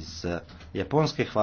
iz eh, Japonske. Hvala